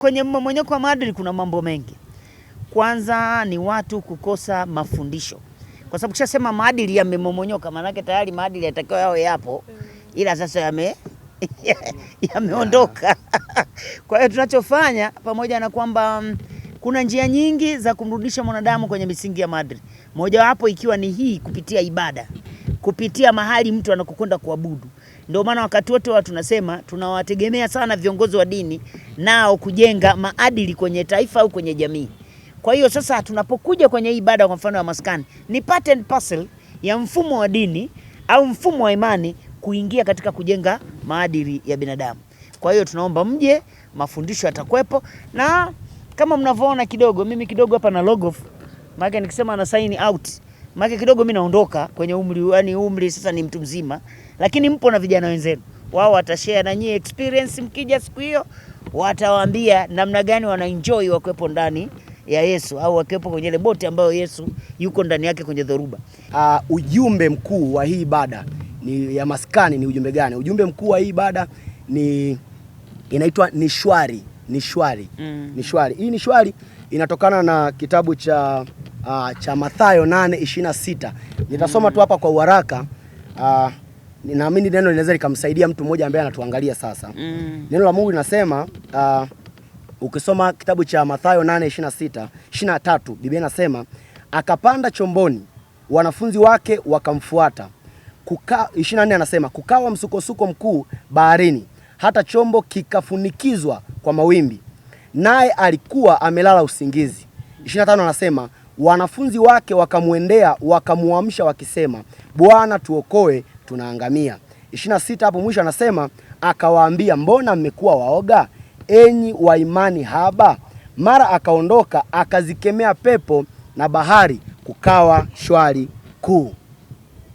Kwenye mmomonyoko wa maadili kuna mambo mengi. Kwanza ni watu kukosa mafundisho, kwa sababu kishasema maadili yamemomonyoka, maanake tayari maadili yatakiwa yao yapo, ila sasa yame yameondoka. Kwa hiyo tunachofanya, pamoja na kwamba mm, kuna njia nyingi za kumrudisha mwanadamu kwenye misingi ya maadili, mojawapo ikiwa ni hii kupitia ibada kupitia mahali mtu anakokwenda kuabudu. Ndio maana wakati wote watu tunasema tunawategemea sana viongozi wa dini nao kujenga maadili kwenye taifa au kwenye jamii. Kwa hiyo sasa tunapokuja kwenye ibada kwa mfano ya maskani, ni part and parcel ya mfumo wa dini au mfumo wa imani kuingia katika kujenga maadili ya binadamu. Kwa hiyo tunaomba mje, mafundisho yatakuwepo, na kama mnavyoona kidogo, mimi kidogo hapa na logo, maana nikisema na sign out maana kidogo mimi naondoka kwenye umri, yani umri sasa ni mtu mzima, lakini mpo na vijana wenzenu, wao watashare na nyie experience. Mkija siku hiyo, watawaambia namna gani enjoy wakiwepo ndani ya Yesu au wakiwepo kwenye ile boti ambayo Yesu yuko ndani yake kwenye dhoruba. Uh, ujumbe mkuu wa hii ibada ni ya maskani ni ujumbe gani? Ujumbe mkuu wa hii ibada ni inaitwa nishwari, nishwari, mm. Nishwari. Hii nishwari inatokana na kitabu cha uh, cha Mathayo 8:26. Nitasoma tu hapa kwa uharaka uh, ninaamini neno linaweza likamsaidia mtu mmoja ambaye anatuangalia sasa. Mm. Neno la Mungu linasema uh, ukisoma kitabu cha Mathayo 8:26, 23, Biblia inasema akapanda chomboni, wanafunzi wake wakamfuata. Kuka, 24 anasema kukawa msukosuko mkuu baharini, hata chombo kikafunikizwa kwa mawimbi, naye alikuwa amelala usingizi. 25 anasema wanafunzi wake wakamwendea wakamwamsha wakisema, Bwana tuokoe, tunaangamia. 26 hapo mwisho anasema akawaambia, mbona mmekuwa waoga enyi wa imani haba? Mara akaondoka akazikemea pepo na bahari, kukawa shwari kuu.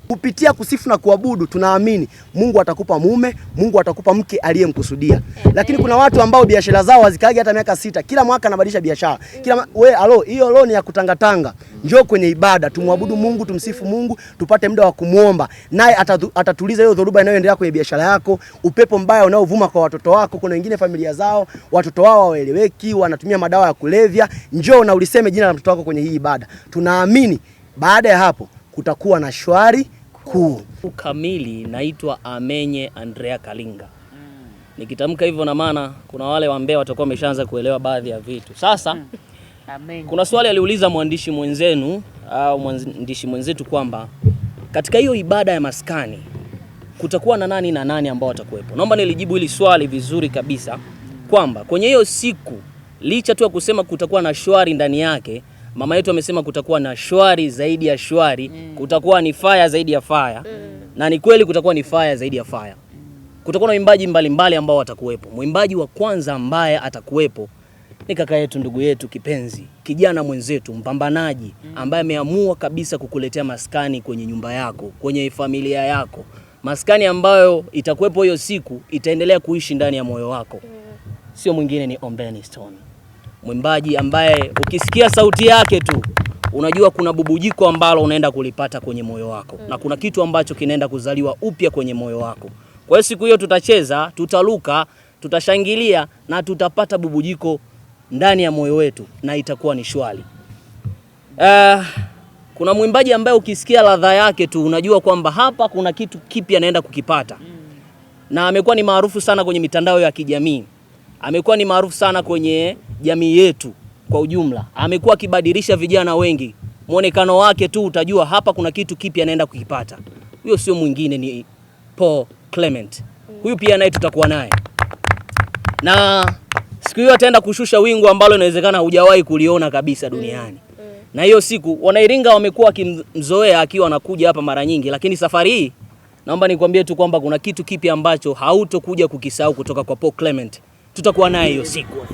Kupitia kusifu na kuabudu tunaamini Mungu atakupa mume, Mungu atakupa mke aliyemkusudia. Lakini kuna watu ambao biashara zao hazikaagi hata miaka sita, kila mwaka anabadilisha biashara. Kila we alo, hiyo lo ya kutangatanga. Njoo kwenye ibada, tumwabudu Mungu, tumsifu Mungu, tupate muda wa kumwomba. Naye atatuliza hiyo dhoruba inayoendelea kwenye biashara yako, upepo mbaya unaovuma kwa watoto wako. Kuna wengine familia zao, watoto wao waeleweki, wanatumia madawa ya kulevya. Njoo na uliseme jina la mtoto wako kwenye hii ibada. Tunaamini baada ya hapo kutakuwa na shwari mkuu. Kamili naitwa Amenye Andrea Kalinga. Nikitamka hivyo na maana kuna wale wambea watakuwa wameshaanza kuelewa baadhi ya vitu. Sasa hmm. Amenye. Kuna swali aliuliza mwandishi mwenzenu au mwandishi mwenzetu kwamba katika hiyo ibada ya maskani kutakuwa na nani na nani ambao watakuwepo. Naomba nilijibu hili swali vizuri kabisa kwamba kwenye hiyo siku licha tu ya kusema kutakuwa na shwari ndani yake mama yetu amesema kutakuwa na shwari zaidi ya shwari mm. kutakuwa ni faya zaidi ya faya mm. na ni kweli kutakuwa ni faya zaidi ya faya kutakuwa na mwimbaji mbalimbali ambao watakuwepo. Mwimbaji wa kwanza ambaye atakuwepo ni kaka yetu, ndugu yetu kipenzi, kijana mwenzetu, mpambanaji mm. ambaye ameamua kabisa kukuletea maskani kwenye nyumba yako, kwenye familia yako, maskani ambayo itakuwepo hiyo siku, itaendelea kuishi ndani ya moyo wako. Mm. Sio mwingine ni Ombeni Stone mwimbaji ambaye ukisikia sauti yake tu unajua kuna bubujiko ambalo unaenda kulipata kwenye moyo wako mm. na kuna kitu ambacho kinaenda kuzaliwa upya kwenye moyo wako. Kwa hiyo siku hiyo tutacheza, tutaluka, tutashangilia na tutapata bubujiko ndani ya moyo wetu na itakuwa ni shwari. Uh, kuna mwimbaji ambaye ukisikia ladha yake tu unajua kwamba hapa kuna kitu kipya anaenda kukipata mm. na amekuwa ni maarufu sana kwenye mitandao ya kijamii, amekuwa ni maarufu sana kwenye jamii yetu kwa ujumla amekuwa akibadilisha vijana wengi. Mwonekano wake tu utajua hapa kuna kitu kipya anaenda kukipata. Huyo sio mwingine, ni Paul Clement. Huyu pia naye tutakuwa naye, na siku hiyo ataenda kushusha wingu ambalo inawezekana hujawahi kuliona kabisa duniani. Mm, mm. Na hiyo siku Wanairinga wamekuwa wakimzoea akiwa anakuja hapa mara nyingi, lakini safari hii naomba nikwambie tu kwamba kuna kitu kipya ambacho hautokuja kukisahau kutoka kwa Paul Clement tutakuwa naye hiyo siku.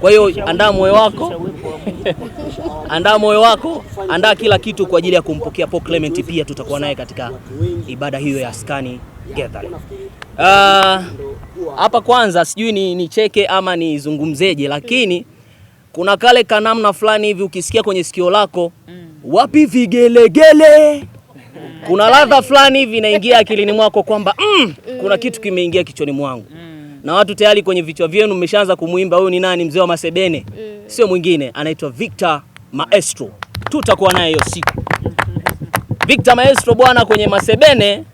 Kwa hiyo andaa moyo wako, andaa moyo wako, andaa kila kitu kwa ajili ya kumpokea Paul Clement. Pia tutakuwa naye katika ibada hiyo ya askani gathering. Uh, ah, hapa kwanza sijui ni, ni cheke ama nizungumzeje, lakini kuna kale kanamna fulani hivi ukisikia kwenye sikio lako mm. wapi vigelegele kuna ladha fulani hivi inaingia akilini mwako kwamba mm, kuna mm. kitu kimeingia kichwani mwangu na watu tayari kwenye vichwa vyenu mmeshaanza kumuimba huyu ni nani? Mzee wa Masebene mm. Sio mwingine anaitwa Victor Maestro, tutakuwa naye hiyo siku. Victor Maestro bwana, kwenye Masebene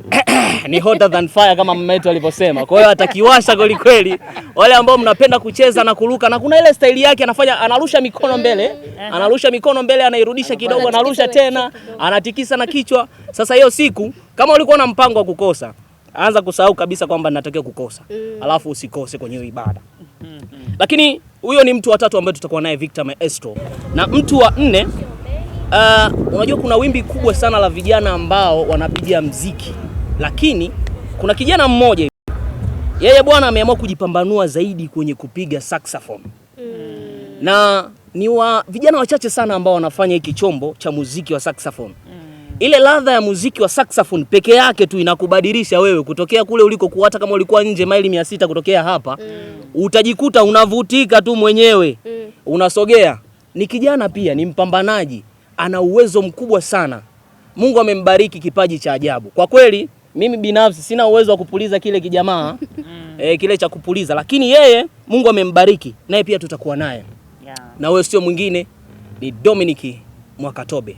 ni hotter than fire kama mama yetu alivyosema. Kwa hiyo atakiwasha kweli kweli. Wale ambao mnapenda kucheza na kuruka na kuna ile staili yake anafanya, anarusha mikono mbele, mm. anarusha mikono mbele, anairudisha kidogo, anarusha tena, anatikisa na kichwa. Sasa hiyo siku kama ulikuwa na mpango wa kukosa anza kusahau kabisa kwamba natakiwa kukosa mm. alafu usikose kwenye hiyo ibada mm -hmm. Lakini huyo ni mtu wa tatu ambaye tutakuwa naye Victor Maestro, na mtu wa nne uh, unajua kuna wimbi kubwa sana la vijana ambao wanapiga mziki, lakini kuna kijana mmoja yeye bwana ameamua kujipambanua zaidi kwenye kupiga saxophone mm. na ni wa vijana wachache sana ambao wanafanya hiki chombo cha muziki wa saxophone ile ladha ya muziki wa saxophone peke yake tu inakubadilisha wewe kutokea kule ulikokuwa, hata kama ulikuwa nje maili mia sita kutokea hapa mm. utajikuta unavutika tu mwenyewe mm. unasogea. Ni kijana pia, ni mpambanaji, ana uwezo mkubwa sana. Mungu amembariki kipaji cha ajabu kwa kweli. Mimi binafsi sina uwezo wa kupuliza kile kijamaa mm. eh, kile cha kupuliza, lakini yeye Mungu amembariki naye, pia tutakuwa naye yeah. na wewe sio mwingine ni Dominic Mwakatobe.